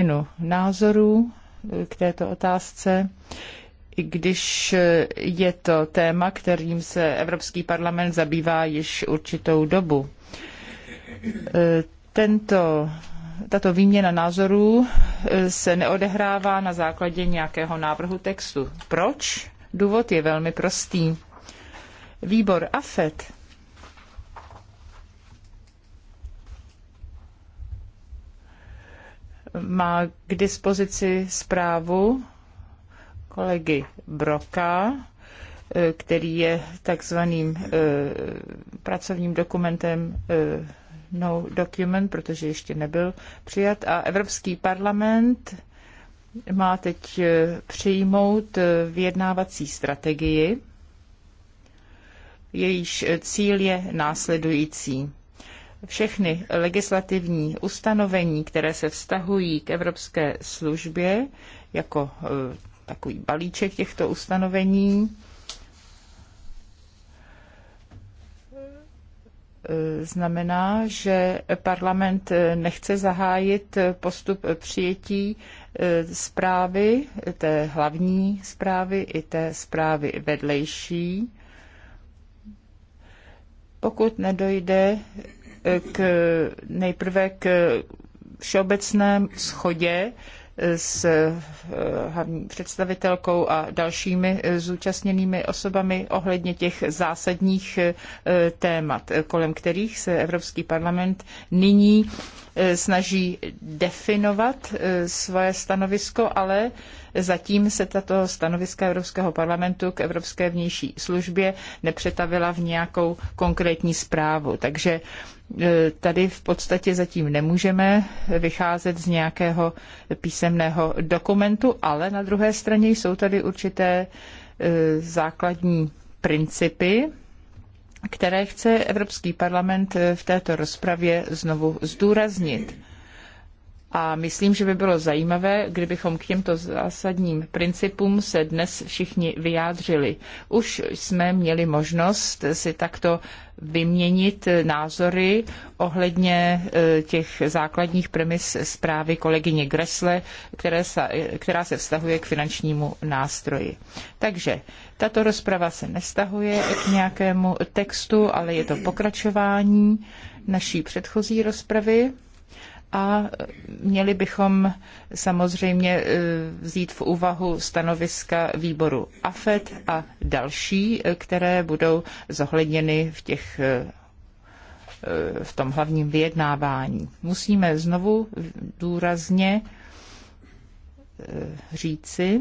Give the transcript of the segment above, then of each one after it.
změnu názorů eh, k této otázce, i když eh, je to téma, kterým se Evropský parlament zabývá již určitou dobu. Eh, tento, tato výměna názorů se neodehrává na základě nějakého návrhu textu. Proč? Důvod je velmi prostý. Výbor AFET má k dispozici zprávu kolegy Broka, eh, který je takzvaným eh, pracovním dokumentem eh, no document, protože ještě nebyl přijat. A Evropský parlament má teď přijmout vyjednávací strategii, jejíž cíl je následující všechny legislativní ustanovení, které se vztahují k Evropské službě, jako e, takový balíček těchto ustanovení, e, znamená, že parlament nechce zahájit postup přijetí e, zprávy, té hlavní zprávy i té zprávy vedlejší, pokud nedojde k, nejprve k všeobecné schodě s eh, hlavní představitelkou a dalšími eh, zúčastněnými osobami ohledně těch zásadních eh, témat, kolem kterých se Evropský parlament nyní snaží definovat svoje stanovisko, ale zatím se tato stanoviska Evropského parlamentu k Evropské vnější službě nepřetavila v nějakou konkrétní zprávu. Takže E, tady v podstatě zatím nemůžeme vycházet z nějakého písemného dokumentu, ale na druhé straně jsou tady určité e, základní principy, které chce Evropský parlament e, v této rozpravě znovu zdůraznit. A myslím, že by bylo zajímavé, kdybychom k těmto zásadním principům se dnes všichni vyjádřili. Už jsme měli možnost si takto vyměnit názory ohledně e, těch základních premis zprávy kolegyně Gresle, které se, která se vztahuje k finančnímu nástroji. Takže tato rozprava se nestahuje k nějakému textu, ale je to pokračování naší předchozí rozpravy a měli bychom samozřejmě e, vzít v úvahu stanoviska výboru AFET a další, e, které budou zohledněny v těch e, v tom hlavním vyjednávání. Musíme znovu důrazně říci,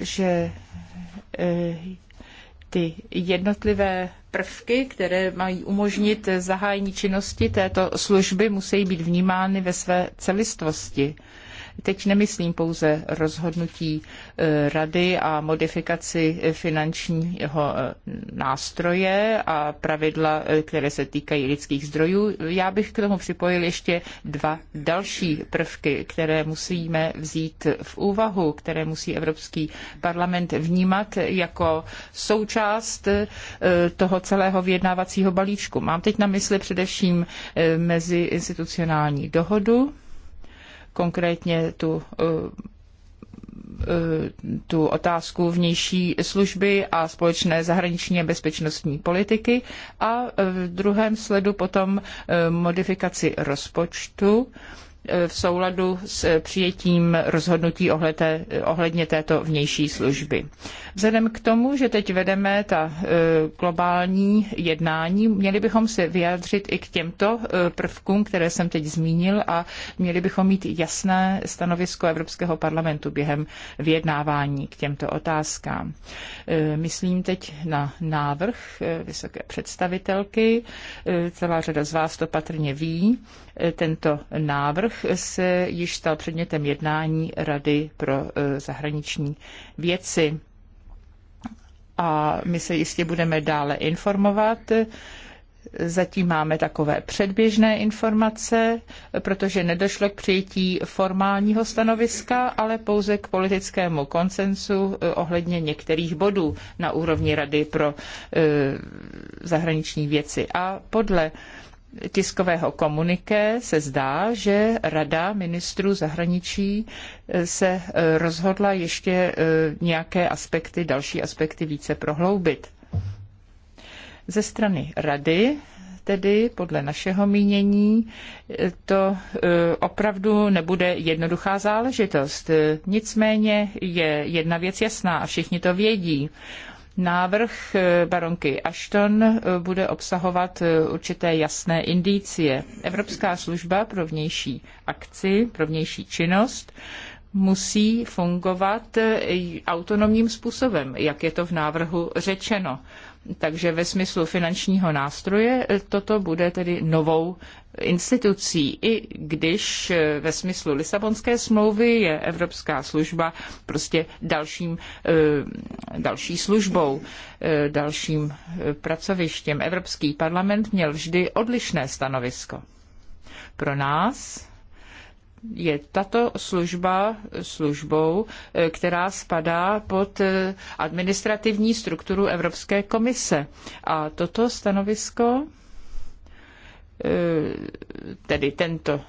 že ty jednotlivé prvky, které mají umožnit zahájení činnosti této služby, musí být vnímány ve své celistvosti. Teď nemyslím pouze rozhodnutí eh, rady a modifikaci eh, finančního eh, nástroje a pravidla, které se týkají lidských zdrojů. Já bych k tomu připojil ještě dva další prvky, které musíme vzít v úvahu, které musí Evropský parlament vnímat jako součást toho celého vyjednávacího balíčku. Mám teď na mysli především meziinstitucionální dohodu, konkrétně tu eh, eh, tu otázku vnější služby a společné zahraniční a bezpečnostní politiky a v druhém sledu potom eh, modifikaci rozpočtu v souladu s přijetím rozhodnutí ohledně této vnější služby. Vzhledem k tomu, že teď vedeme ta e, globální jednání, měli bychom se vyjádřit i k těmto e, prvkům, které jsem teď zmínil a měli bychom mít jasné stanovisko Evropského parlamentu během vyjednávání k těmto otázkám. E, myslím teď na návrh vysoké představitelky. Celá řada z vás to patrně ví. Tento návrh se již stal předmětem jednání Rady pro e, zahraniční věci. A my se jistě budeme dále informovat. Zatím máme takové předběžné informace, protože nedošlo k přijetí formálního stanoviska, ale pouze k politickému konsensu e, ohledně některých bodů na úrovni Rady pro e, zahraniční věci. A podle tiskového komuniké se zdá, že Rada ministrů zahraničí eh, se eh, rozhodla ještě eh, nějaké aspekty, další aspekty více prohloubit. Ze strany Rady tedy podle našeho mínění to opravdu nebude jednoduchá záležitost. Nicméně je jedna věc jasná a všichni to vědí. Návrh eh, baronky Ashton eh, bude obsahovat eh, určité jasné indicie. Evropská služba pro vnější akci, pro vnější činnost musí fungovat autonomním způsobem, jak je to v návrhu řečeno. Takže ve smyslu finančního nástroje e, toto bude tedy novou institucí, i když e, ve smyslu Lisabonské smlouvy je Evropská služba prostě dalším, e, další službou, dalším pracovištěm. Evropský parlament měl vždy odlišné stanovisko. Pro nás je tato služba službou, eh, která spadá pod eh, administrativní strukturu Evropské komise. A toto stanovisko eh, tedy tento,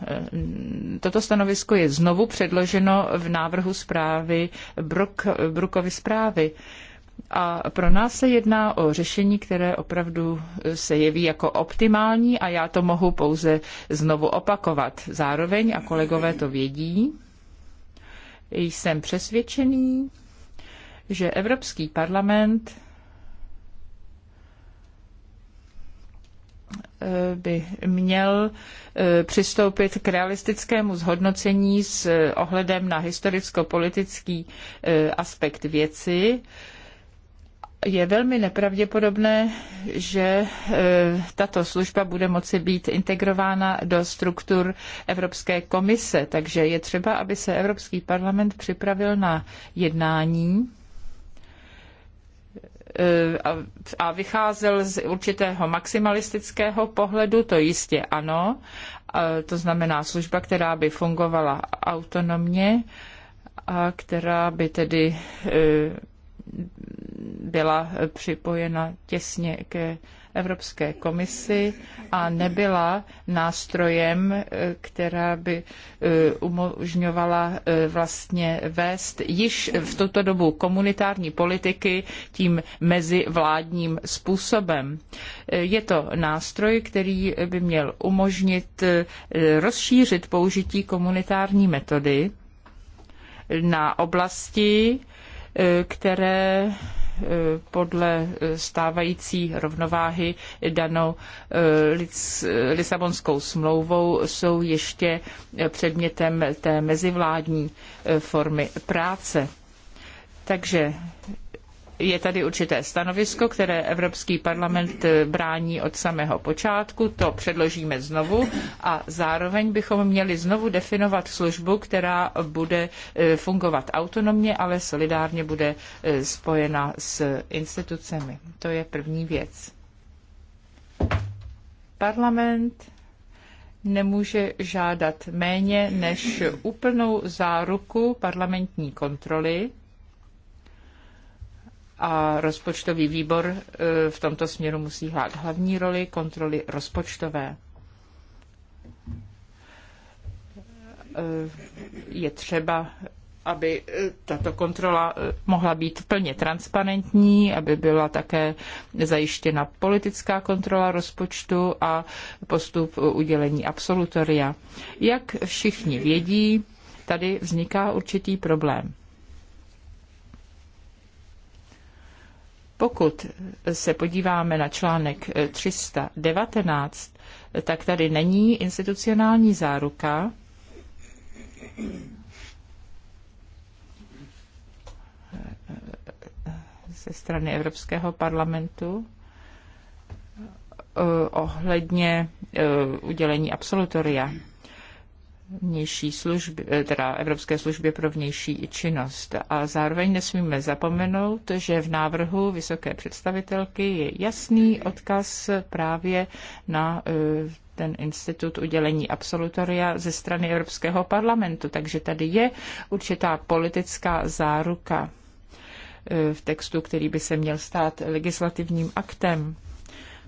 toto stanovisko je znovu předloženo v návrhu zprávy Bruk, Brukovy zprávy. A pro nás se jedná o řešení, které opravdu eh, se jeví jako optimální a já to mohu pouze znovu opakovat. Zároveň, a kolegové to vědí, jsem přesvědčený, že Evropský parlament eh, by měl eh, přistoupit k realistickému zhodnocení s ohledem na historicko-politický aspekt věci je velmi nepravděpodobné, že e, tato služba bude moci být integrována do struktur Evropské komise. Takže je třeba, aby se Evropský parlament připravil na jednání e, a vycházel z určitého maximalistického pohledu, to jistě ano, e, to znamená služba, která by fungovala autonomně a která by tedy byla připojena těsně ke Evropské komisi a nebyla nástrojem, eh, která by eh, umožňovala eh, vlastně vést již v tuto dobu komunitární politiky tím mezivládním způsobem. Je to nástroj, který by měl umožnit rozšířit použití komunitární metody na oblasti, které eh, podle stávající rovnováhy danou eh, Lisabonskou smlouvou jsou ještě předmětem té mezivládní eh, formy práce. Takže je tady určité stanovisko, které Evropský parlament eh, brání od samého počátku, to předložíme znovu a zároveň bychom měli znovu definovat službu, která bude eh, fungovat autonomně, ale solidárně bude eh, spojena s institucemi. To je první věc. Parlament nemůže žádat méně než úplnou záruku parlamentní kontroly a rozpočtový výbor e, v tomto směru musí hrát hlavní roli kontroly rozpočtové. E, je třeba, aby e, tato kontrola mohla být plně transparentní, aby byla také zajištěna politická kontrola rozpočtu a postup udělení absolutoria. Jak všichni vědí, tady vzniká určitý problém Pokud se podíváme na článek 319, tak tady není institucionální záruka. ze strany Evropského parlamentu eh, ohledně eh, udělení absolutoria vnější služby, eh, teda Evropské službě pro vnější činnost. A zároveň nesmíme zapomenout, že v návrhu vysoké představitelky je jasný odkaz právě na eh, ten institut udělení absolutoria ze strany Evropského parlamentu. Takže tady je určitá politická záruka eh, v textu, který by se měl stát legislativním aktem.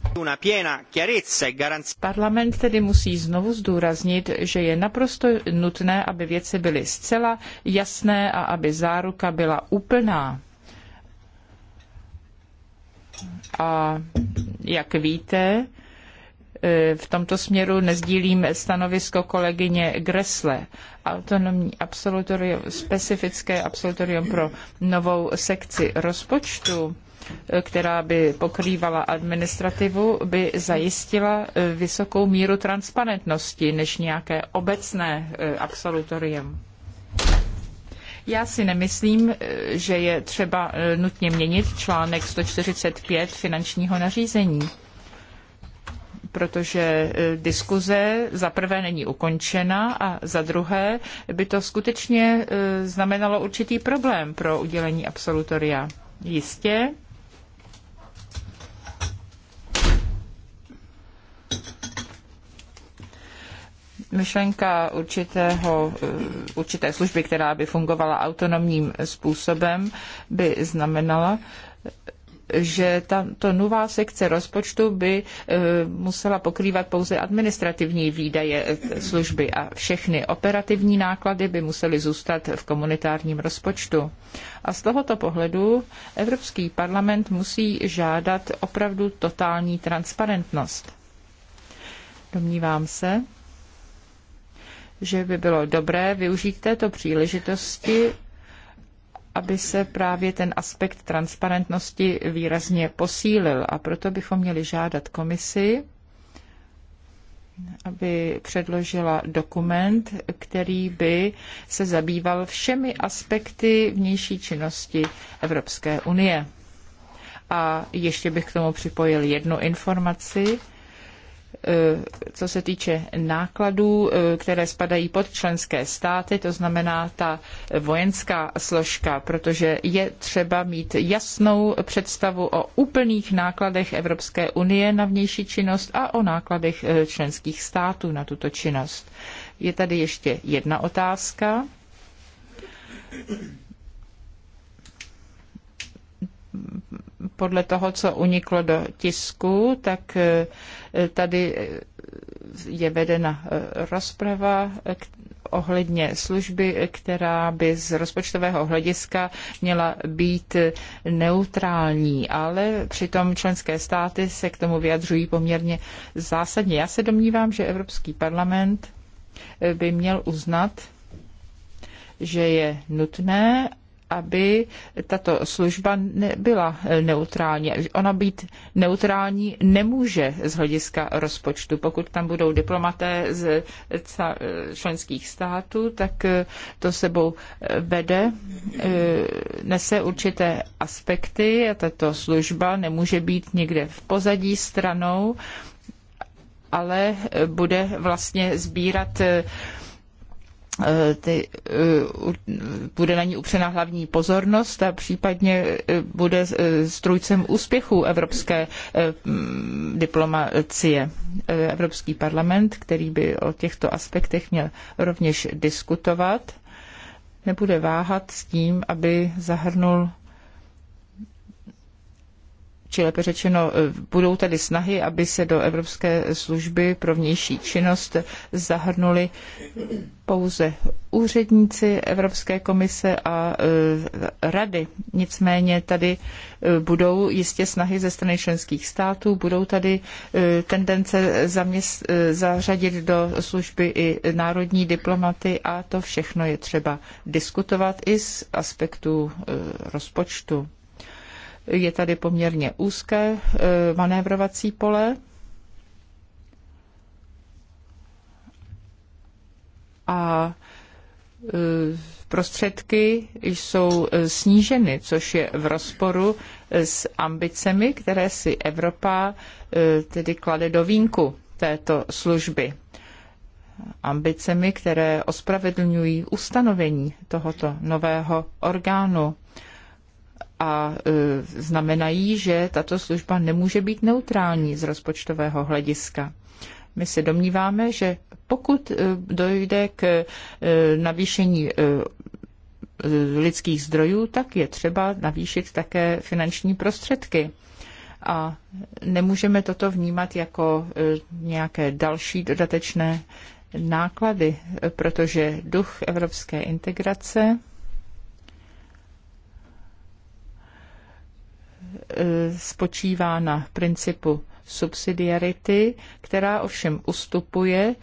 E Parlament tedy musí znovu zdůraznit, že je naprosto nutné, aby věci byly zcela jasné a aby záruka byla úplná. A jak víte, e, v tomto směru nezdílím stanovisko kolegyně Gresle. Autonomní absolutorium, specifické absolutorium pro novou sekci rozpočtu která by pokrývala administrativu, by zajistila eh, vysokou míru transparentnosti než nějaké obecné eh, absolutorium. Já si nemyslím, eh, že je třeba nutně měnit článek 145 finančního nařízení protože diskuze za prvé není ukončena a za druhé by to skutečně znamenalo určitý problém pro udělení absolutoria. Jistě, myšlenka určitého, eh, určité služby, která by fungovala autonomním způsobem, by znamenala, že ta to nová sekce rozpočtu by eh, musela pokrývat pouze administrativní výdaje eh, služby a všechny operativní náklady by musely zůstat v komunitárním rozpočtu. A z tohoto pohledu Evropský parlament musí žádat opravdu totální transparentnost. Domnívám se, že by bylo dobré využít této příležitosti, aby se právě ten aspekt transparentnosti výrazně posílil. A proto bychom měli žádat komisi, aby předložila dokument, který by se zabýval všemi aspekty vnější činnosti Evropské unie. A ještě bych k tomu připojil jednu informaci, E, co se týče nákladů, e, které spadají pod členské státy, to znamená ta vojenská složka, protože je třeba mít jasnou představu o úplných nákladech Evropské unie na vnější činnost a o nákladech e, členských států na tuto činnost. Je tady ještě jedna otázka podle toho, co uniklo do tisku, tak eh, tady eh, je vedena eh, rozprava ohledně služby, která by z rozpočtového hlediska měla být neutrální, ale přitom členské státy se k tomu vyjadřují poměrně zásadně. Já se domnívám, že Evropský parlament by měl uznat, že je nutné, aby tato služba nebyla neutrální. Ona být neutrální nemůže z hlediska rozpočtu. Pokud tam budou diplomaté z členských států, tak eh, to sebou eh, vede, eh, nese určité aspekty a tato služba nemůže být někde v pozadí stranou, ale bude vlastně sbírat Eh, ty, eh, bude na ní upřena hlavní pozornost a případně eh, bude strůjcem úspěchů evropské diplomacie. Evropský parlament, který by o těchto aspektech měl rovněž diskutovat, nebude váhat s tím, aby zahrnul či lépe řečeno, e, budou tedy snahy, aby se do Evropské služby pro vnější činnost zahrnuli pouze úředníci Evropské komise a e, rady. Nicméně tady e, budou jistě snahy ze strany členských států, budou tady tendence zaměst, zařadit do služby i národní diplomaty a to všechno je třeba diskutovat i z aspektu rozpočtu. Je tady poměrně úzké e, manévrovací pole. A e, prostředky jsou e, sníženy, což je v rozporu s ambicemi, které si Evropa tedy klade do vínku této služby. Ambicemi, které ospravedlňují ustanovení tohoto nového orgánu a e, znamenají, že tato služba nemůže být neutrální z rozpočtového hlediska. My se domníváme, že pokud e, dojde k e, navýšení lidských zdrojů, tak je třeba navýšit také finanční prostředky. A nemůžeme toto vnímat jako nějaké další dodatečné náklady, protože duch evropské integrace E, spočívá na principu subsidiarity, která ovšem ustupuje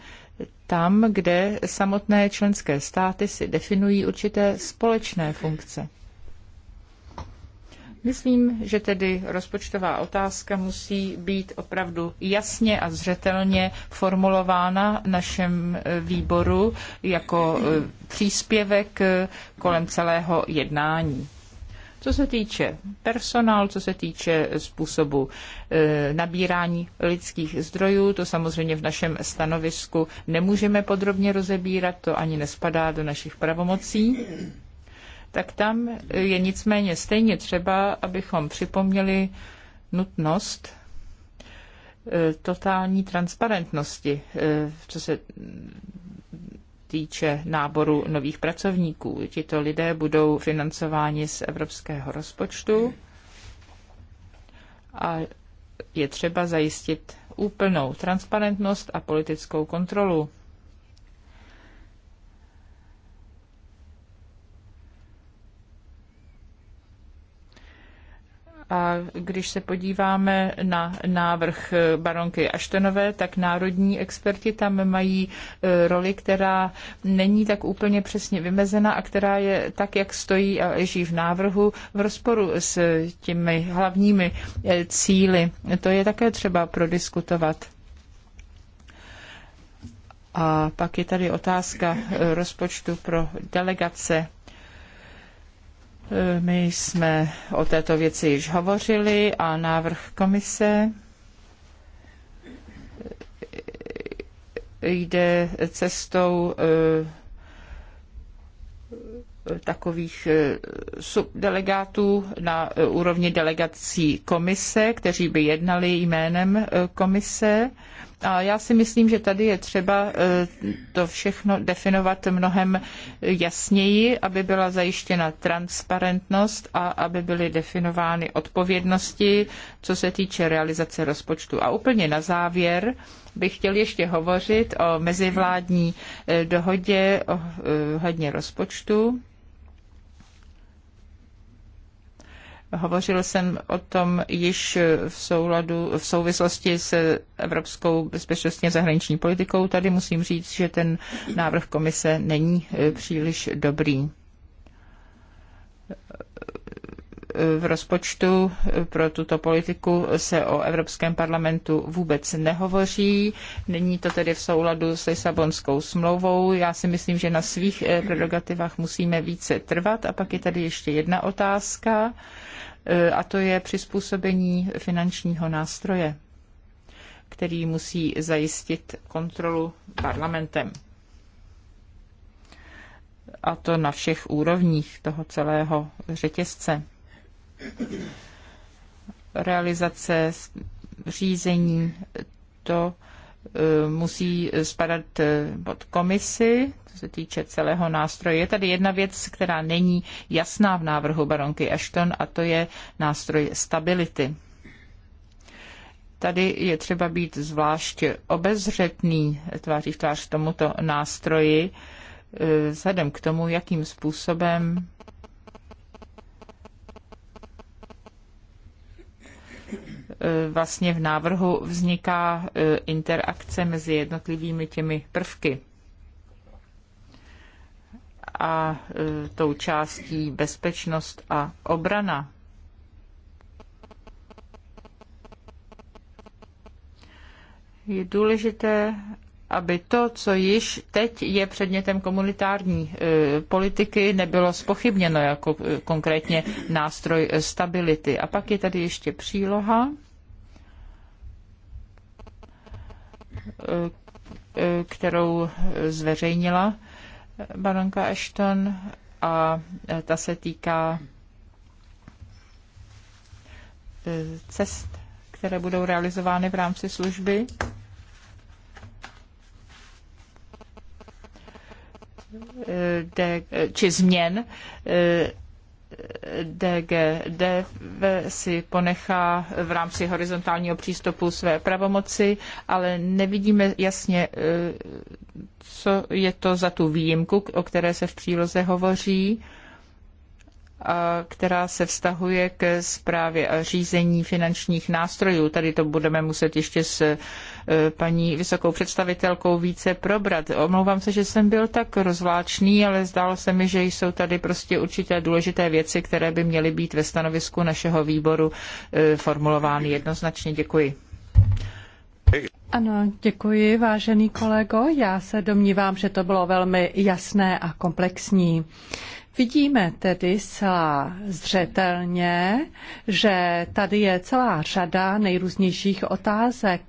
tam, kde samotné členské státy si definují určité společné funkce. Myslím, že tedy rozpočtová otázka musí být opravdu jasně a zřetelně formulována našem e, výboru jako e, příspěvek kolem celého jednání. Co se týče personál, co se týče způsobu e, nabírání lidských zdrojů, to samozřejmě v našem stanovisku nemůžeme podrobně rozebírat, to ani nespadá do našich pravomocí. Tak tam je nicméně stejně třeba, abychom připomněli nutnost e, totální transparentnosti, e, co se týče náboru nových pracovníků. Tito lidé budou financováni z evropského rozpočtu a je třeba zajistit úplnou transparentnost a politickou kontrolu A když se podíváme na návrh baronky Aštenové, tak národní experti tam mají e, roli, která není tak úplně přesně vymezena a která je tak, jak stojí a leží v návrhu, v rozporu s těmi hlavními e, cíly. To je také třeba prodiskutovat. A pak je tady otázka e, rozpočtu pro delegace. Eh, my jsme o této věci již hovořili a návrh komise eh, jde cestou eh, takových subdelegátů na úrovni delegací komise, kteří by jednali jménem komise a já si myslím, že tady je třeba e, to všechno definovat mnohem jasněji, aby byla zajištěna transparentnost a aby byly definovány odpovědnosti, co se týče realizace rozpočtu. A úplně na závěr bych chtěl ještě hovořit o mezivládní e, dohodě e, hodně rozpočtu Hovořil jsem o tom již v, souladu, v souvislosti s evropskou a zahraniční politikou. Tady musím říct, že ten návrh komise není eh, příliš dobrý v rozpočtu pro tuto politiku se o Evropském parlamentu vůbec nehovoří. Není to tedy v souladu s Lisabonskou smlouvou. Já si myslím, že na svých eh, prerogativách musíme více trvat. A pak je tady ještě jedna otázka, eh, a to je přizpůsobení finančního nástroje, který musí zajistit kontrolu parlamentem a to na všech úrovních toho celého řetězce realizace, řízení, to e, musí spadat e, pod komisi, co se týče celého nástroje. Je tady jedna věc, která není jasná v návrhu baronky Ashton, a to je nástroj stability. Tady je třeba být zvlášť obezřetný tváří v tvář tomuto nástroji, e, vzhledem k tomu, jakým způsobem E, vlastně v návrhu vzniká e, interakce mezi jednotlivými těmi prvky a e, tou částí bezpečnost a obrana. Je důležité, aby to, co již teď je předmětem komunitární e, politiky, nebylo spochybněno jako e, konkrétně nástroj stability. A pak je tady ještě příloha. Eh, eh, kterou zveřejnila baronka Ashton a eh, ta se týká cest, které budou realizovány v rámci služby. De, či změn DGDV si ponechá v rámci horizontálního přístupu své pravomoci, ale nevidíme jasně, eh, co je to za tu výjimku, o které se v příloze hovoří která se vztahuje k zprávě a řízení finančních nástrojů. Tady to budeme muset ještě s e, paní vysokou představitelkou více probrat. Omlouvám se, že jsem byl tak rozvláčný, ale zdálo se mi, že jsou tady prostě určité důležité věci, které by měly být ve stanovisku našeho výboru e, formulovány jednoznačně. Děkuji. Ano, děkuji, vážený kolego. Já se domnívám, že to bylo velmi jasné a komplexní. Vidíme tedy celá zřetelně, že tady je celá řada nejrůznějších otázek,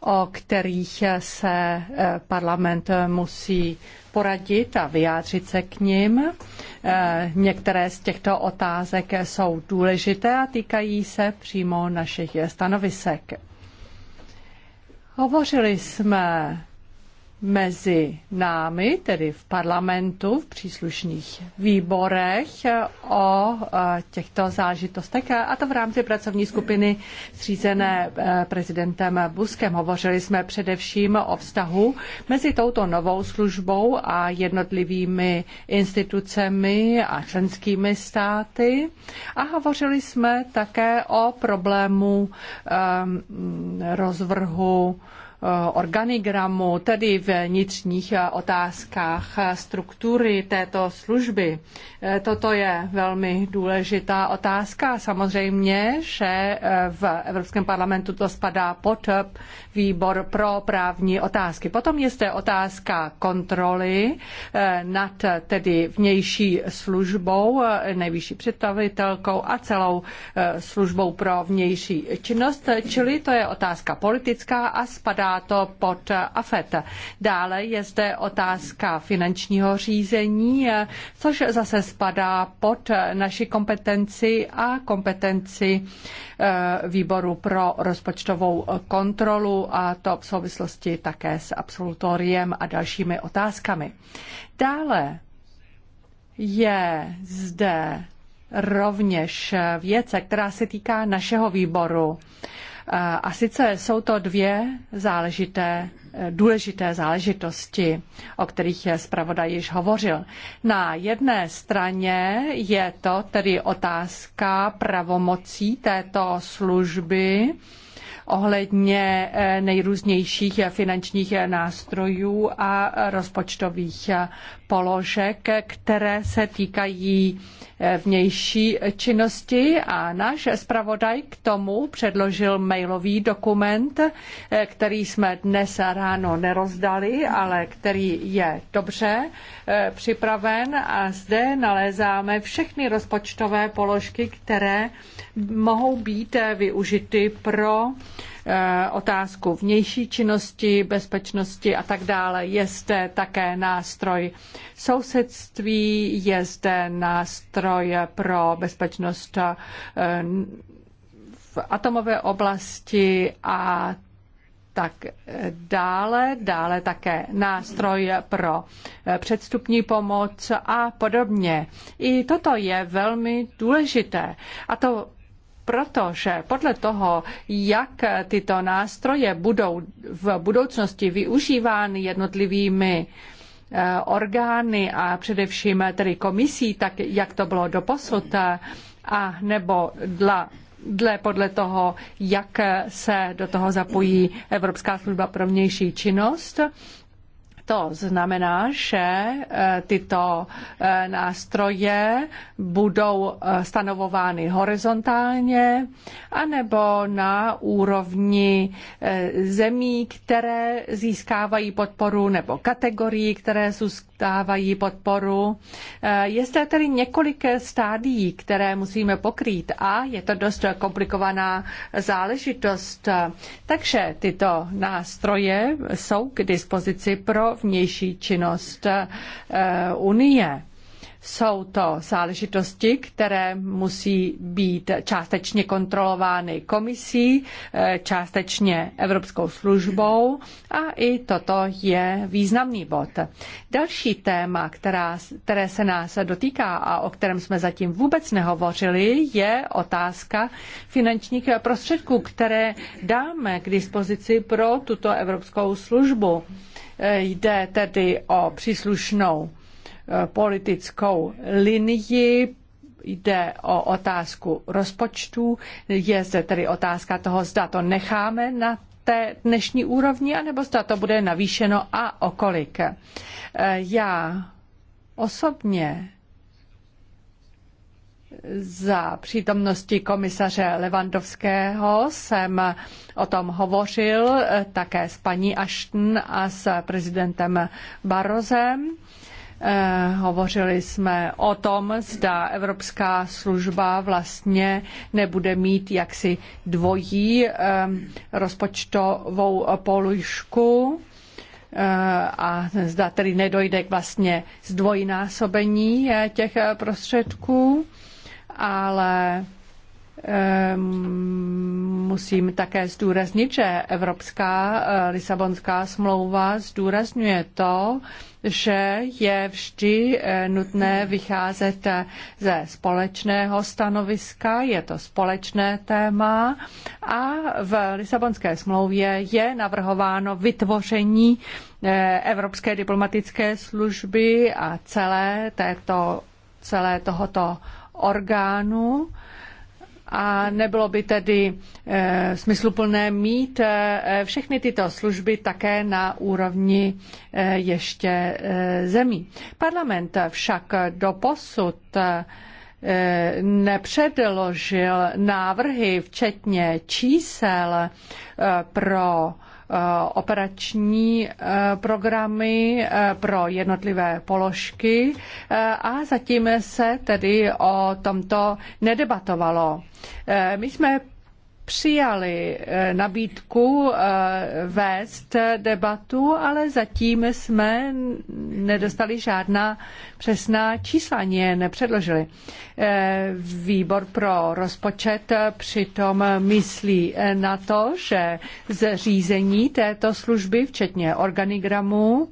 o kterých se eh, parlament musí poradit a vyjádřit se k ním. Eh, některé z těchto otázek jsou důležité a týkají se přímo našich stanovisek. Hovořili jsme mezi námi, tedy v parlamentu, v příslušných výborech o e, těchto zážitostech, a to v rámci pracovní skupiny zřízené e, prezidentem Buskem. Hovořili jsme především o vztahu mezi touto novou službou a jednotlivými institucemi a členskými státy a hovořili jsme také o problému e, rozvrhu Eh, organigramu, tedy v vnitřních eh, otázkách eh, struktury této služby. Toto je velmi důležitá otázka. Samozřejmě, že v Evropském parlamentu to spadá pod výbor pro právní otázky. Potom je zde otázka kontroly nad tedy vnější službou, nejvyšší představitelkou a celou službou pro vnější činnost, čili to je otázka politická a spadá to pod AFET. Dále je zde otázka finančního řízení, což zase spadá pod naši kompetenci a kompetenci eh, výboru pro rozpočtovou kontrolu a to v souvislosti také s absolutoriem a dalšími otázkami. Dále je zde rovněž věc, která se týká našeho výboru. A sice jsou to dvě záležité, eh, důležité záležitosti, o kterých je zpravodaj již hovořil. Na jedné straně je to tedy otázka pravomocí této služby, ohledně eh, nejrůznějších finančních nástrojů a rozpočtových eh, položek, které se týkají eh, vnější činnosti a náš zpravodaj k tomu předložil mailový dokument, eh, který jsme dnes ráno nerozdali, ale který je dobře eh, připraven a zde nalézáme všechny rozpočtové položky, které mohou být využity pro Eh, otázku vnější činnosti, bezpečnosti a tak dále. Je zde také nástroj sousedství, je zde nástroj pro bezpečnost eh, v atomové oblasti a tak dále, dále také nástroj pro eh, předstupní pomoc a podobně. I toto je velmi důležité. A to protože podle toho, jak tyto nástroje budou v budoucnosti využívány jednotlivými eh, orgány a především tedy komisí, tak jak to bylo doposud, eh, a nebo dla dle podle toho, jak se do toho zapojí Evropská služba pro vnější činnost, to znamená, že eh, tyto eh, nástroje budou eh, stanovovány horizontálně anebo na úrovni zemí, které získávají podporu nebo kategorií, které dostávají podporu. Eh, je zde tedy několik stádií, které musíme pokrýt a je to dost komplikovaná záležitost. Takže tyto nástroje jsou k dispozici pro vnější činnost eh, Unie. Jsou to záležitosti, které musí být částečně kontrolovány komisí, eh, částečně Evropskou službou a i toto je významný bod. Další téma, která, které se nás dotýká a o kterém jsme zatím vůbec nehovořili, je otázka finančních prostředků, které dáme k dispozici pro tuto Evropskou službu. Eh, jde tedy o příslušnou politickou linii jde o otázku rozpočtu. Je zde tedy otázka toho, zda to necháme na té dnešní úrovni, anebo zda to bude navýšeno a okolik. Eh, já osobně za přítomnosti komisaře Levandovského jsem o tom hovořil eh, také s paní Ashton a s prezidentem Barozem. Eh, hovořili jsme o tom, zda Evropská služba vlastně nebude mít jaksi dvojí eh, rozpočtovou polušku eh, a zda tedy nedojde k vlastně zdvojnásobení těch prostředků, ale Ehm, musím také zdůraznit, že Evropská eh, Lisabonská smlouva zdůrazňuje to, že je vždy eh, nutné vycházet eh, ze společného stanoviska, je to společné téma a v Lisabonské smlouvě je navrhováno vytvoření Evropské diplomatické služby a celé, této, celé tohoto orgánu a nebylo by tedy e, smysluplné mít e, všechny tyto služby také na úrovni e, ještě e, zemí. Parlament však doposud e, nepředložil návrhy, včetně čísel pro e, Eh, operační eh, programy eh, pro jednotlivé položky a zatím se tedy o tomto nedebatovalo. My jsme přijali eh, nabídku eh, vést debatu, ale zatím jsme nedostali žádná přesná čísla, ani je nepředložili. Eh, výbor pro rozpočet přitom myslí na to, že zřízení této služby, včetně organigramu,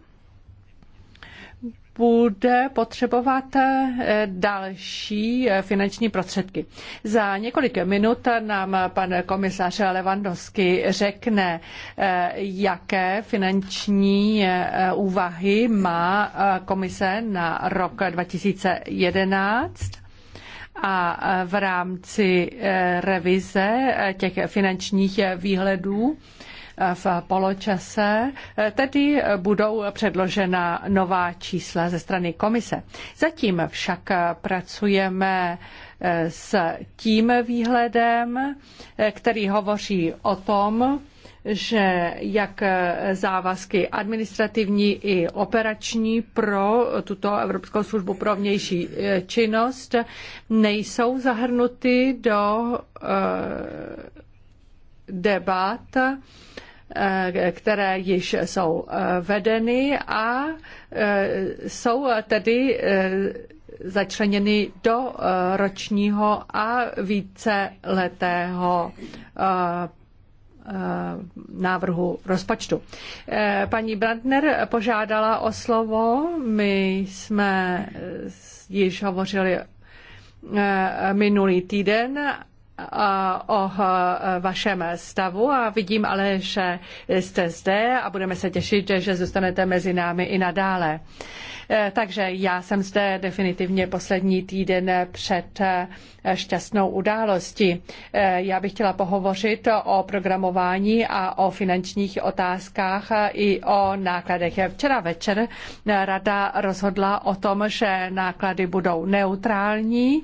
bude potřebovat eh, další eh, finanční prostředky. Za několik minut nám pan komisař Levandovský řekne, eh, jaké finanční úvahy má komise na rok 2011 a v rámci revize těch finančních výhledů v poločase, tedy budou předložena nová čísla ze strany komise. Zatím však pracujeme eh, s tím výhledem, eh, který hovoří o tom, že jak závazky administrativní i operační pro tuto Evropskou službu pro vnější eh, činnost nejsou zahrnuty do debat, eh, které již jsou eh, vedeny a eh, jsou tedy začleněny do ročního a víceletého návrhu rozpočtu. Paní Brandner požádala o slovo. My jsme již hovořili minulý týden Eh, o eh, vašem stavu a vidím ale, že jste zde a budeme se těšit, že zůstanete mezi námi i nadále. Eh, takže já jsem zde definitivně poslední týden před eh, šťastnou událostí. Eh, já bych chtěla pohovořit o programování a o finančních otázkách i o nákladech. Včera večer rada rozhodla o tom, že náklady budou neutrální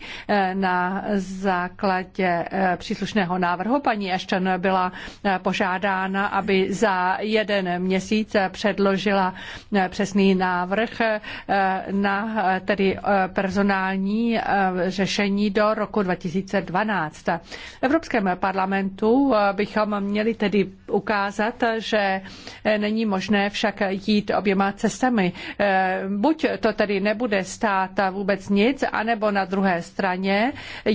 na základě příslušného návrhu. Paní Ashton byla požádána, aby za jeden měsíc předložila přesný návrh Eh, na eh, tedy eh, personální řešení do roku 2012. V Evropském parlamentu bychom měli tedy ukázat, že není možné však jít oběma cestami. Buď to tedy nebude stát vůbec nic, anebo na druhé straně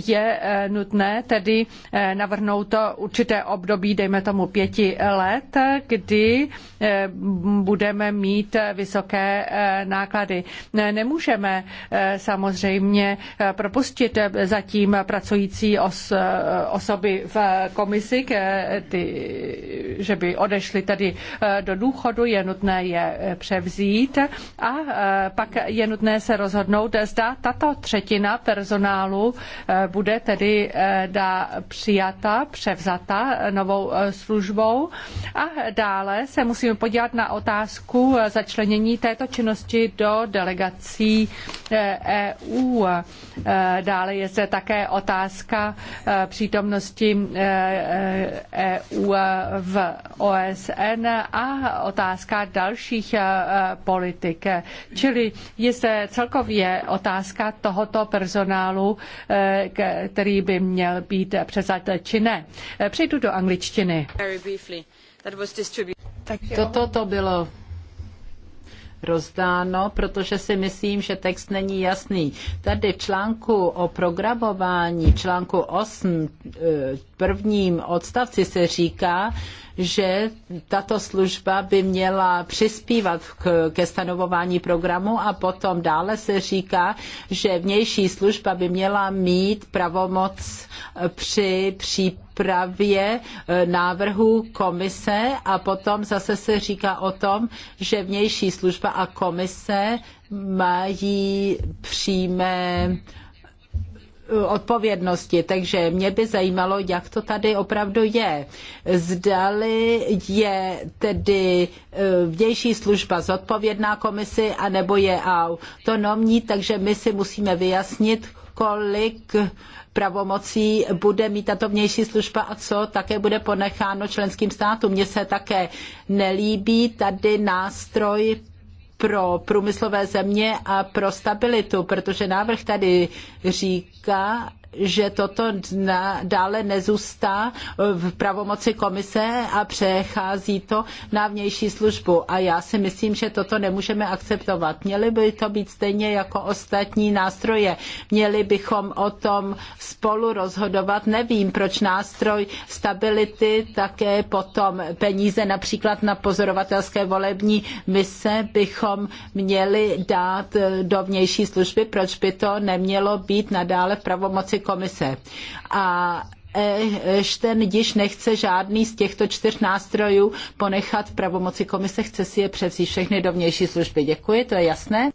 je nutné tedy navrhnout to určité období, dejme tomu pěti let, kdy budeme mít vysoké náklady tady Nemůžeme eh, samozřejmě eh, propustit eh, zatím pracující os, osoby v komisi, ty, že by odešly tedy do důchodu, je nutné je převzít a pak je nutné se rozhodnout, zda tato třetina personálu bude tedy dá přijata, převzata novou službou a dále se musíme podívat na otázku začlenění této činnosti do delegací EU. Eh, e eh, dále je zde také otázka eh, přítomnosti EU e v OSN a otázka dalších politik. Čili je zde celkově otázka tohoto personálu, který by měl být přezat či ne. Přejdu do angličtiny. Toto to bylo rozdáno, protože si myslím, že text není jasný. Tady v článku o programování, článku 8, prvním odstavci se říká, že tato služba by měla přispívat ke stanovování programu a potom dále se říká, že vnější služba by měla mít pravomoc při přípravě e, návrhu komise a potom zase se říká o tom, že vnější služba a komise mají přímé uh, Eh, odpovědnosti. Takže mě by zajímalo, jak to tady opravdu je. Zdali je tedy eh, vnější služba zodpovědná komisi, anebo je autonomní, takže my si musíme vyjasnit, kolik pravomocí bude mít tato vnější služba a co také bude ponecháno členským státům. Mně se také nelíbí tady nástroj pro průmyslové země a pro stabilitu, protože návrh tady říká, že toto dále nezůstá v pravomoci komise a přechází to na vnější službu. A já si myslím, že toto nemůžeme akceptovat. Měly by to být stejně jako ostatní nástroje. Měli bychom o tom spolu rozhodovat. Nevím, proč nástroj stability také potom peníze například na pozorovatelské volební mise bychom měli dát do vnější služby. Proč by to nemělo být nadále v pravomoci komise. A e, Ešten již nechce žádný z těchto čtyř nástrojů ponechat v pravomoci komise, chce si je převzít všechny do vnější služby. Děkuji, to je jasné.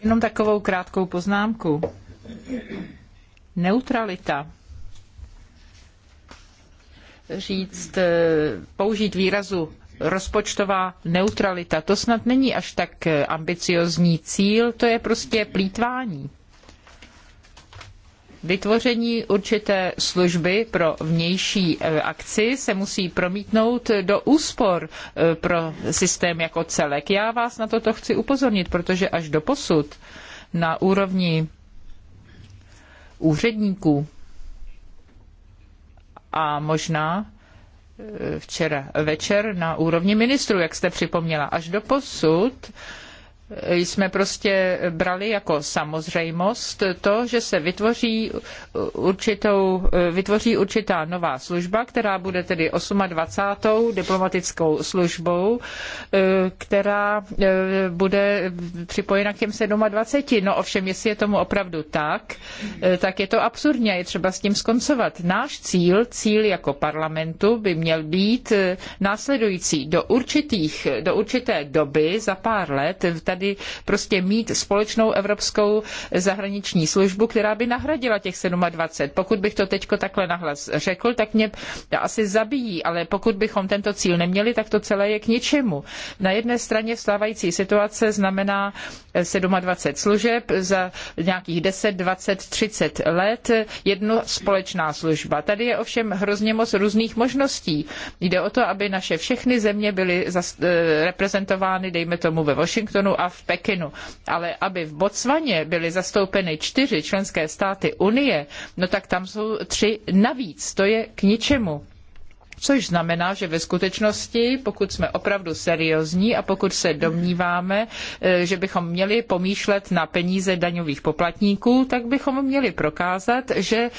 Jenom takovou krátkou poznámku. Neutralita. Říct, e, použít výrazu rozpočtová neutralita, to snad není až tak e, ambiciozní cíl, to je prostě plítvání. Vytvoření určité služby pro vnější eh, akci se musí promítnout do úspor eh, pro systém jako celek. Já vás na toto chci upozornit, protože až do posud na úrovni úředníků a možná eh, včera večer na úrovni ministrů, jak jste připomněla, až do posud jsme prostě brali jako samozřejmost to, že se vytvoří, určitou, vytvoří určitá nová služba, která bude tedy 28. diplomatickou službou, která bude připojena k těm 27. No ovšem, jestli je tomu opravdu tak, tak je to absurdně a je třeba s tím skoncovat. Náš cíl, cíl jako parlamentu by měl být následující. Do, určitých, do určité doby, za pár let, tady tady prostě mít společnou evropskou zahraniční službu, která by nahradila těch 27. Pokud bych to teď takhle nahlas řekl, tak mě asi zabijí, ale pokud bychom tento cíl neměli, tak to celé je k ničemu. Na jedné straně vstávající situace znamená 27 služeb za nějakých 10, 20, 30 let, jedno společná služba. Tady je ovšem hrozně moc různých možností. Jde o to, aby naše všechny země byly eh, reprezentovány, dejme tomu, ve Washingtonu a v Pekinu. Ale aby v Botswaně byly zastoupeny čtyři členské státy Unie, no tak tam jsou tři navíc. To je k ničemu. Což znamená, že ve skutečnosti, pokud jsme opravdu seriózní a pokud se domníváme, e, že bychom měli pomýšlet na peníze daňových poplatníků, tak bychom měli prokázat, že e,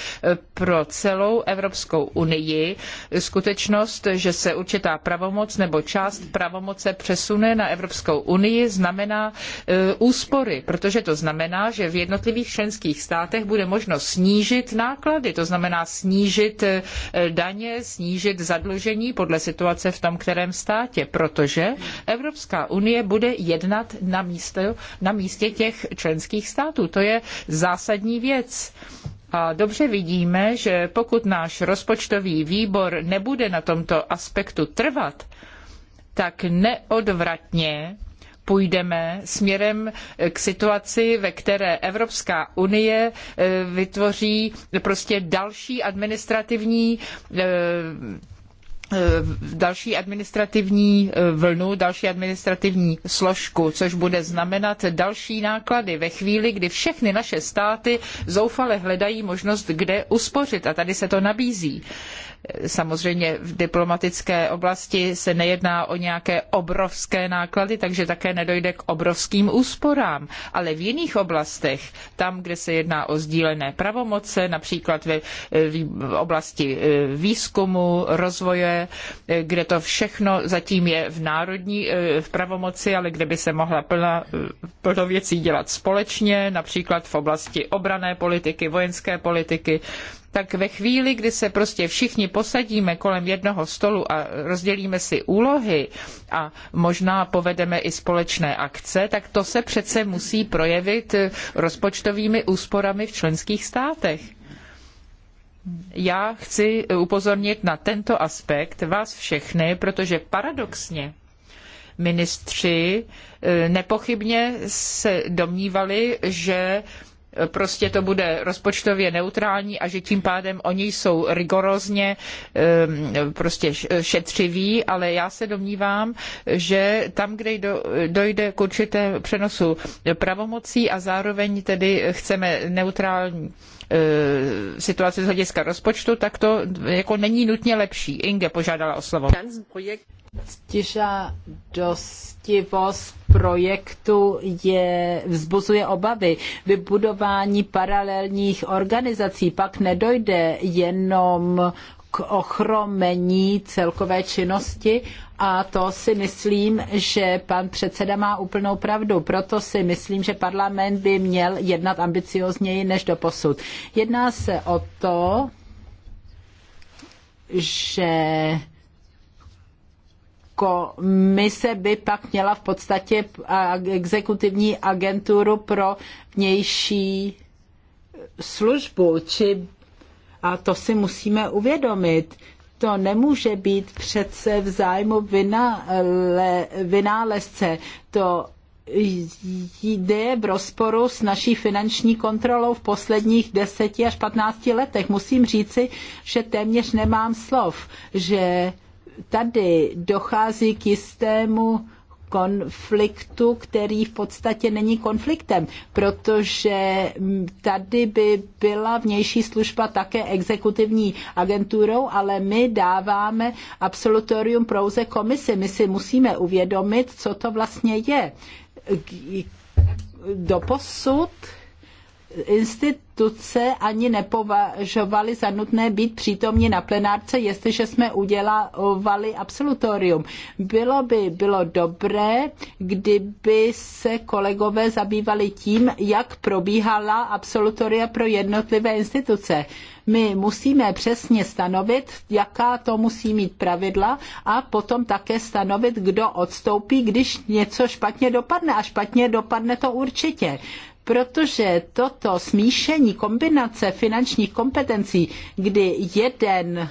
pro celou Evropskou unii skutečnost, že se určitá pravomoc nebo část pravomoce přesune na Evropskou unii, znamená e, úspory, protože to znamená, že v jednotlivých členských státech bude možno snížit náklady, to znamená snížit daně, snížit zadlužení podle situace v tom kterém státě, protože Evropská unie bude jednat na, místě, na místě těch členských států. To je zásadní věc. A dobře vidíme, že pokud náš rozpočtový výbor nebude na tomto aspektu trvat, tak neodvratně půjdeme směrem k situaci, ve které Evropská unie e, vytvoří prostě další administrativní e, Eh, další administrativní eh, vlnu, další administrativní složku, což bude znamenat další náklady ve chvíli, kdy všechny naše státy zoufale hledají možnost, kde uspořit. A tady se to nabízí. Eh, samozřejmě v diplomatické oblasti se nejedná o nějaké obrovské náklady, takže také nedojde k obrovským úsporám. Ale v jiných oblastech, tam, kde se jedná o sdílené pravomoce, například ve v oblasti výzkumu, rozvoje, kde to všechno zatím je v národní eh, v pravomoci, ale kde by se mohla plna, eh, plno věcí dělat společně, například v oblasti obrané politiky, vojenské politiky, tak ve chvíli, kdy se prostě všichni posadíme kolem jednoho stolu a rozdělíme si úlohy a možná povedeme i společné akce, tak to se přece musí projevit eh, rozpočtovými úsporami v členských státech já chci upozornit na tento aspekt vás všechny, protože paradoxně ministři eh, nepochybně se domnívali, že prostě to bude rozpočtově neutrální a že tím pádem oni jsou rigorózně ehm, prostě šetřiví, ale já se domnívám, že tam, kde dojde k určité přenosu pravomocí a zároveň tedy chceme neutrální ehm, situaci z hlediska rozpočtu, tak to jako není nutně lepší. Inge požádala o slovo dostivost projektu je, vzbuzuje obavy. Vybudování paralelních organizací pak nedojde jenom k ochromení celkové činnosti a to si myslím, že pan předseda má úplnou pravdu. Proto si myslím, že parlament by měl jednat ambiciozněji než do posud. Jedná se o to, že komise by pak měla v podstatě exekutivní agenturu pro vnější službu, či a to si musíme uvědomit. To nemůže být přece v zájmu vynálezce. To jde v rozporu s naší finanční kontrolou v posledních deseti až patnácti letech. Musím říci, že téměř nemám slov, že tady dochází k jistému konfliktu, který v podstatě není konfliktem, protože tady by byla vnější služba také exekutivní agenturou, ale my dáváme absolutorium prouze komisi. My si musíme uvědomit, co to vlastně je. Doposud instituce ani nepovažovaly za nutné být přítomni na plenárce, jestliže jsme udělali absolutorium. Bylo by bylo dobré, kdyby se kolegové zabývali tím, jak probíhala absolutoria pro jednotlivé instituce. My musíme přesně stanovit, jaká to musí mít pravidla a potom také stanovit, kdo odstoupí, když něco špatně dopadne. A špatně dopadne to určitě protože toto smíšení, kombinace finančních kompetencí, kdy jeden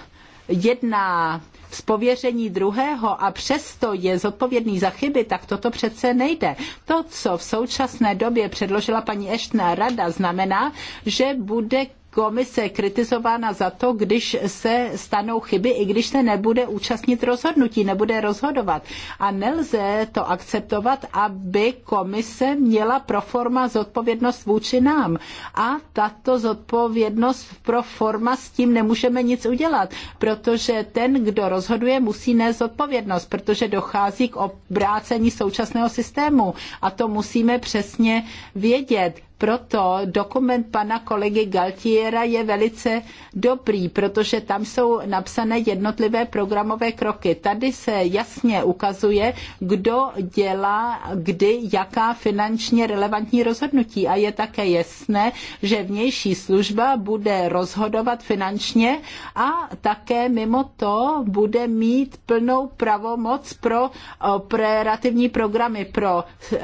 jedná z pověření druhého a přesto je zodpovědný za chyby, tak toto přece nejde. To, co v současné době předložila paní Eštná rada, znamená, že bude komise kritizována za to, když se stanou chyby, i když se nebude účastnit rozhodnutí, nebude rozhodovat. A nelze to akceptovat, aby komise měla pro forma zodpovědnost vůči nám. A tato zodpovědnost pro forma s tím nemůžeme nic udělat, protože ten, kdo rozhoduje, musí nést zodpovědnost, protože dochází k obrácení současného systému. A to musíme přesně vědět proto dokument pana kolegy Galtiera je velice dobrý, protože tam jsou napsané jednotlivé programové kroky. Tady se jasně ukazuje, kdo dělá kdy jaká finančně relevantní rozhodnutí. A je také jasné, že vnější služba bude rozhodovat finančně a také mimo to bude mít plnou pravomoc pro operativní programy, pro eh,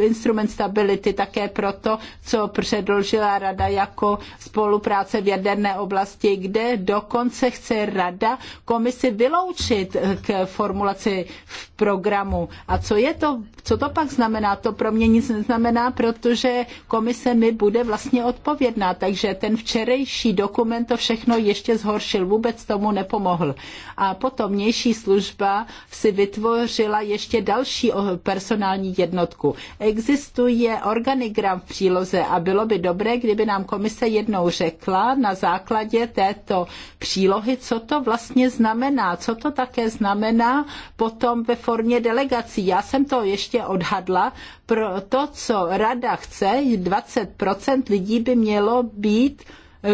eh, instrument stability, také pro pro to, co předložila rada jako spolupráce v jaderné oblasti, kde dokonce chce rada komisi vyloučit k formulaci v programu. A co je to, co to pak znamená? To pro mě nic neznamená, protože komise mi bude vlastně odpovědná, takže ten včerejší dokument to všechno ještě zhoršil, vůbec tomu nepomohl. A potom vnější služba si vytvořila ještě další personální jednotku. Existuje organigram v příloze a bylo by dobré, kdyby nám komise jednou řekla na základě této přílohy, co to vlastně znamená, co to také znamená potom ve formě delegací. Já jsem to ještě odhadla, pro to, co rada chce, 20% lidí by mělo být eh,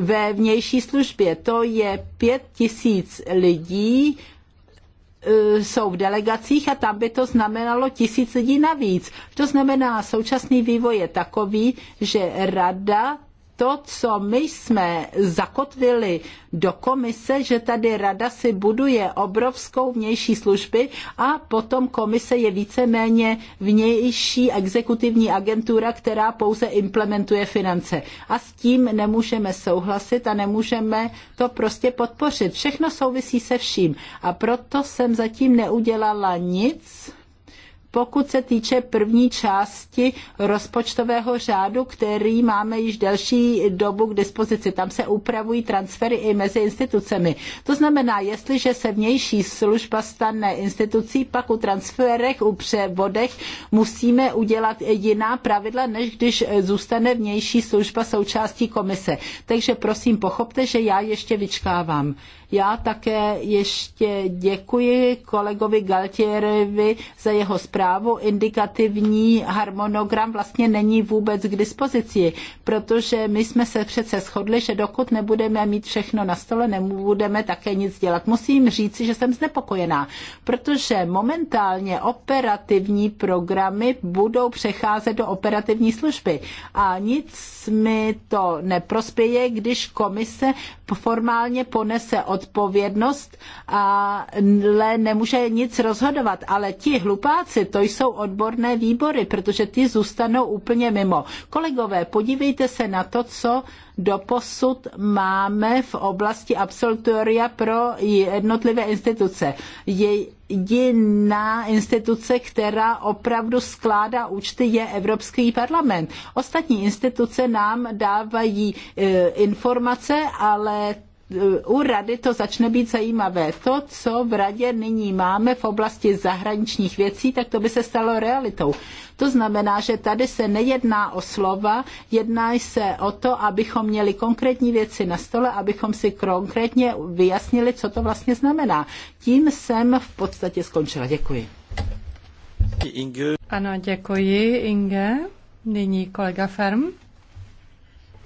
ve vnější službě. To je 5 tisíc lidí, E, jsou v delegacích a tam by to znamenalo tisíc lidí navíc. To znamená, současný vývoj je takový, že rada to, co my jsme zakotvili do komise, že tady rada si buduje obrovskou vnější služby a potom komise je víceméně vnější exekutivní agentura, která pouze implementuje finance. A s tím nemůžeme souhlasit a nemůžeme to prostě podpořit. Všechno souvisí se vším. A proto jsem zatím neudělala nic, pokud se týče první části rozpočtového řádu, který máme již delší dobu k dispozici, tam se upravují transfery i mezi institucemi. To znamená, jestliže se vnější služba stane institucí, pak u transferech, u převodech musíme udělat jiná pravidla, než když zůstane vnější služba součástí komise. Takže prosím, pochopte, že já ještě vyčkávám. Já také ještě děkuji kolegovi Galtierovi za jeho zprávu. Indikativní harmonogram vlastně není vůbec k dispozici, protože my jsme se přece shodli, že dokud nebudeme mít všechno na stole, nebudeme také nic dělat. Musím říci, že jsem znepokojená, protože momentálně operativní programy budou přecházet do operativní služby a nic mi to neprospěje, když komise formálně ponese odpovědnost, ale nemůže nic rozhodovat. Ale ti hlupáci, to jsou odborné výbory, protože ty zůstanou úplně mimo. Kolegové, podívejte se na to, co doposud máme v oblasti absolutoria pro jednotlivé instituce jediná instituce, která opravdu skládá účty, je Evropský parlament. Ostatní instituce nám dávají eh, informace, ale u rady to začne být zajímavé. To, co v radě nyní máme v oblasti zahraničních věcí, tak to by se stalo realitou. To znamená, že tady se nejedná o slova, jedná se o to, abychom měli konkrétní věci na stole, abychom si konkrétně vyjasnili, co to vlastně znamená. Tím jsem v podstatě skončila. Děkuji. Ano, děkuji, Inge. Nyní kolega Ferm.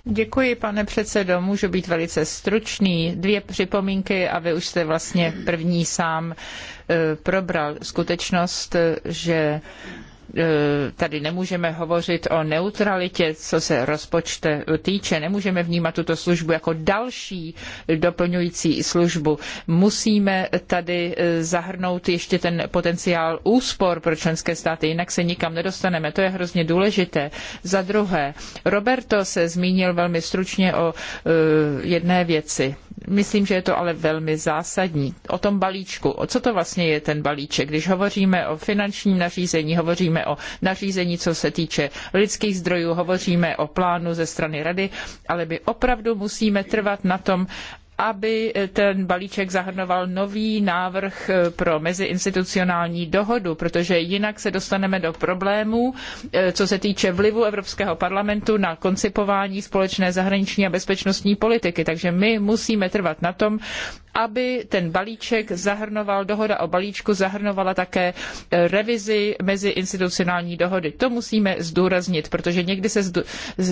Děkuji, pane předsedo. Můžu být velice stručný. Dvě připomínky a vy už jste vlastně první sám eh, probral skutečnost, že E, tady nemůžeme hovořit o neutralitě, co se rozpočte týče. Nemůžeme vnímat tuto službu jako další doplňující službu. Musíme tady e, zahrnout ještě ten potenciál úspor pro členské státy, jinak se nikam nedostaneme. To je hrozně důležité. Za druhé, Roberto se zmínil velmi stručně o e, jedné věci. Myslím, že je to ale velmi zásadní. O tom balíčku, o co to vlastně je ten balíček? Když hovoříme o finančním nařízení, hovoříme o nařízení, co se týče lidských zdrojů, hovoříme o plánu ze strany rady, ale my opravdu musíme trvat na tom, aby ten balíček zahrnoval nový návrh eh, pro meziinstitucionální dohodu, protože jinak se dostaneme do problémů, eh, co se týče vlivu Evropského parlamentu na koncipování společné zahraniční a bezpečnostní politiky. Takže my musíme trvat na tom, aby ten balíček zahrnoval, dohoda o balíčku zahrnovala také eh, revizi meziinstitucionální dohody. To musíme zdůraznit, protože někdy se,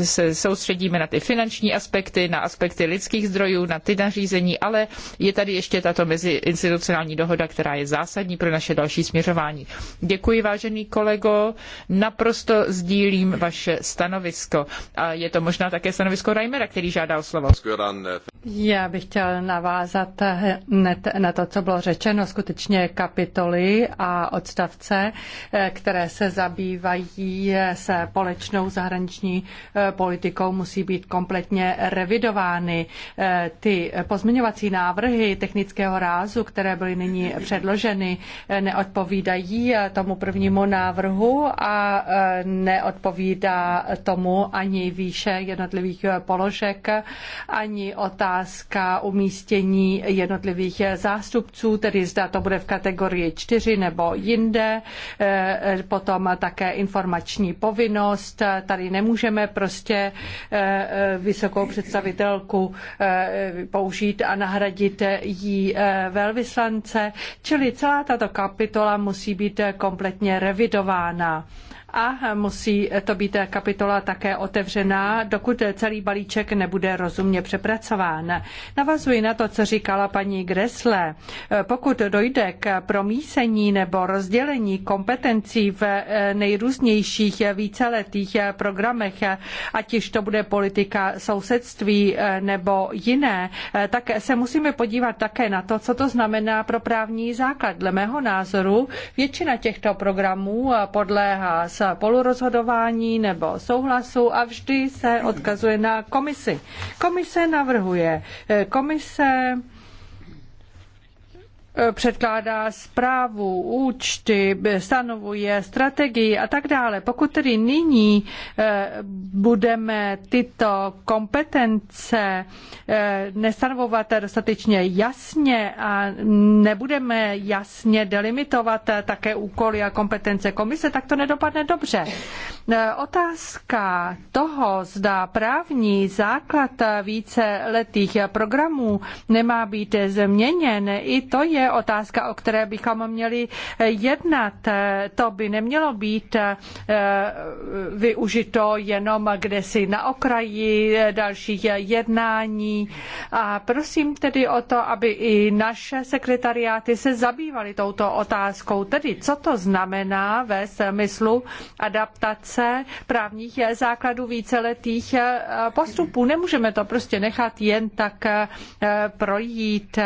se soustředíme na ty finanční aspekty, na aspekty lidských zdrojů, na ty nařízení, ale je tady ještě tato meziinstitucionální dohoda, která je zásadní pro naše další směřování. Děkuji, vážený kolego, naprosto sdílím vaše stanovisko. A je to možná také stanovisko Reimera, který žádá o slovo. Já bych chtěl navázat hned na to, co bylo řečeno, skutečně kapitoly a odstavce, eh, které se zabývají eh, se polečnou zahraniční eh, politikou, musí být kompletně revidovány. Ty pozměňovací návrhy technického rázu, které byly nyní předloženy, neodpovídají tomu prvnímu návrhu a neodpovídá tomu ani výše jednotlivých položek, ani otázka umístění jednotlivých zástupců, tedy zda to bude v kategorii 4 nebo jinde, eh, potom také informační povinnost. Tady nemůžeme prostě eh, vysokou představitelku eh, použít a nahradit jí velvyslance, čili celá tato kapitola musí být kompletně revidována a musí to být kapitola také otevřená, dokud celý balíček nebude rozumně přepracován. Navazuji na to, co říkala paní Gresle. Pokud dojde k promísení nebo rozdělení kompetencí v nejrůznějších víceletých programech, ať již to bude politika sousedství nebo jiné, tak se musíme podívat také na to, co to znamená pro právní základ. Dle mého názoru většina těchto programů podléhá polurozhodování nebo souhlasu a vždy se odkazuje na komisi. Komise navrhuje, eh, komise Eh, předkládá zprávu, účty, stanovuje strategii a tak dále. Pokud tedy nyní eh, budeme tyto kompetence eh, nestanovovat dostatečně jasně a nebudeme jasně delimitovat také úkoly a kompetence komise, tak to nedopadne dobře. Otázka toho, zda právní základ víceletých programů nemá být změněn, i to je je otázka, o které bychom měli jednat. To by nemělo být eh, využito jenom kdesi na okraji dalších jednání. A prosím tedy o to, aby i naše sekretariáty se zabývaly touto otázkou, tedy co to znamená ve smyslu adaptace právních základů víceletých eh, postupů. Nemůžeme to prostě nechat jen tak eh, projít.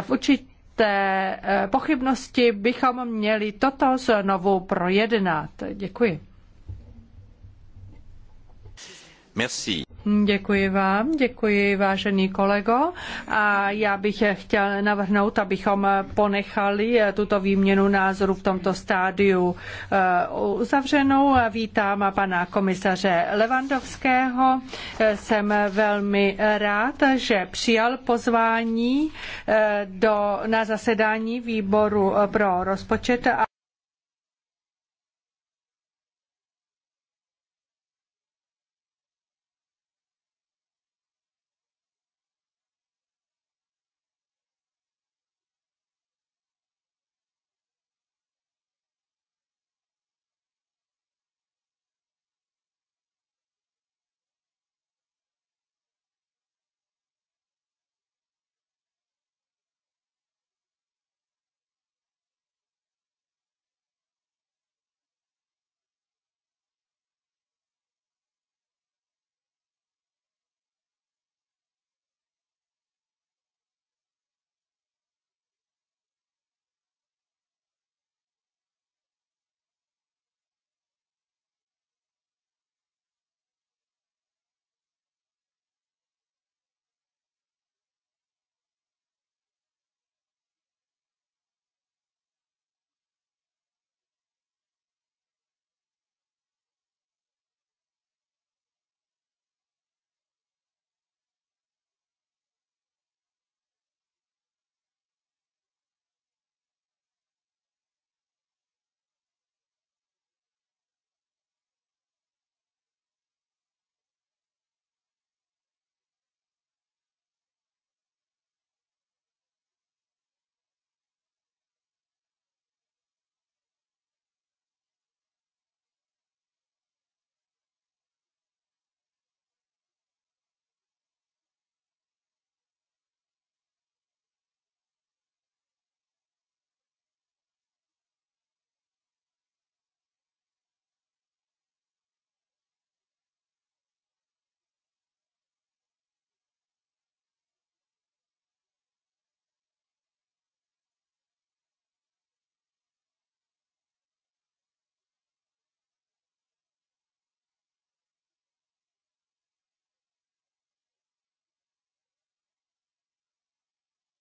V určitě té eh, pochybnosti bychom měli toto znovu projednat. Děkuji. Merci. Děkuji vám, děkuji vážený kolego. A já bych chtěl navrhnout, abychom ponechali eh, tuto výměnu názorů v tomto stádiu eh, uzavřenou. Vítám pana komisaře Levandovského. Eh, jsem velmi rád, že přijal pozvání do, na zasedání výboru pro rozpočet. A